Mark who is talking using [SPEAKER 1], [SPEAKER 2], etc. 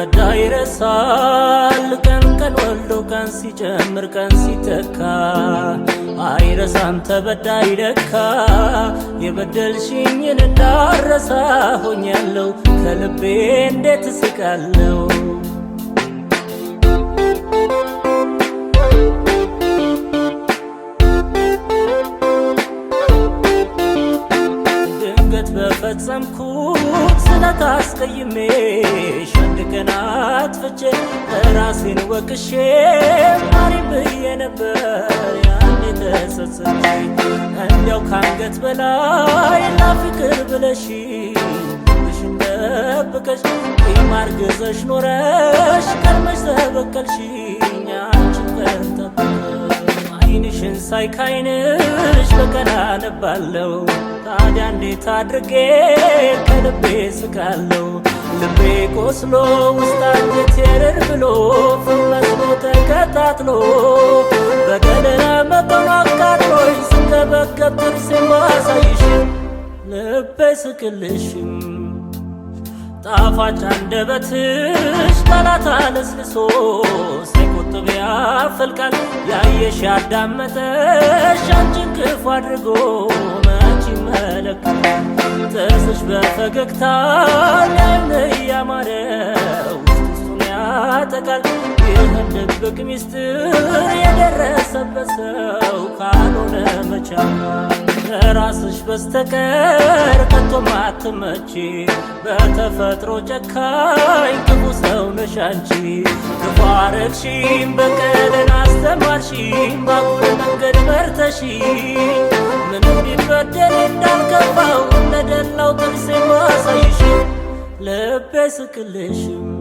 [SPEAKER 1] በዳይ ይረሳል ቀን ቀን ወልዶ ቀን ሲጨምር ቀን ሲተካ አይረሳም ተበዳ ደካ የበደልሽኝን እንዳረሳ ሆኛለሁ ከልቤ እንዴት ስቃለው ድንገት በፈጸምኩት ስለታስቀይሜ አጥፍቼ ራሴን ወቅሼ ማሪ ብዬ ነበር ያኔ ተጸጽቼ። እንዲያው ካንገት በላይ ላፍቅር ብለሽ ሽን ደብቀሽ ማርግዘሽ ኖረሽ ቀድመሽ ተበቀልሽኝ አንቺን ከጠበቀሽ አይንሽን ሳይ ካይንሽ በቀና ነባለው ታዲያ እንዴት አድርጌ ከልቤ ስቃለው ልቤ ቆስሎ ውስጥ አንጀቴ እርር ብሎ ፍም መስሎ ተቀጣጥሎ በገለና መጠኑ አቃጥሎሽ ስንገበገብ ጥርሴ ማሳይሽ ልቤ ስቅልሽም ጣፋጭ አንደበትሽ ጠላት አለስልሶ ሳይቆጥብ ያፈልቃል ያየሽ ያዳመጠሽ አንቺን ክፉ አድርጎ መች ይመለካል ጥርስሽ በፈገግታ ትልቅ ሚስጥር የደረሰበት ሰው ካልሆነ መቻል ራስሽ በስተቀር ከቶም አትመቺ። በተፈጥሮ ጨካኝ ክፉ ሰው ነሽ አንቺ። ክፉ አረግሽም፣ በቀልን አስተማርሽም፣ ባጉል መንገድ መርተሺ ምንም ቢበደል እንዳልከፋው እንደደላው ጥርሴ ማሳይሽ ልቤ ስቅልሽም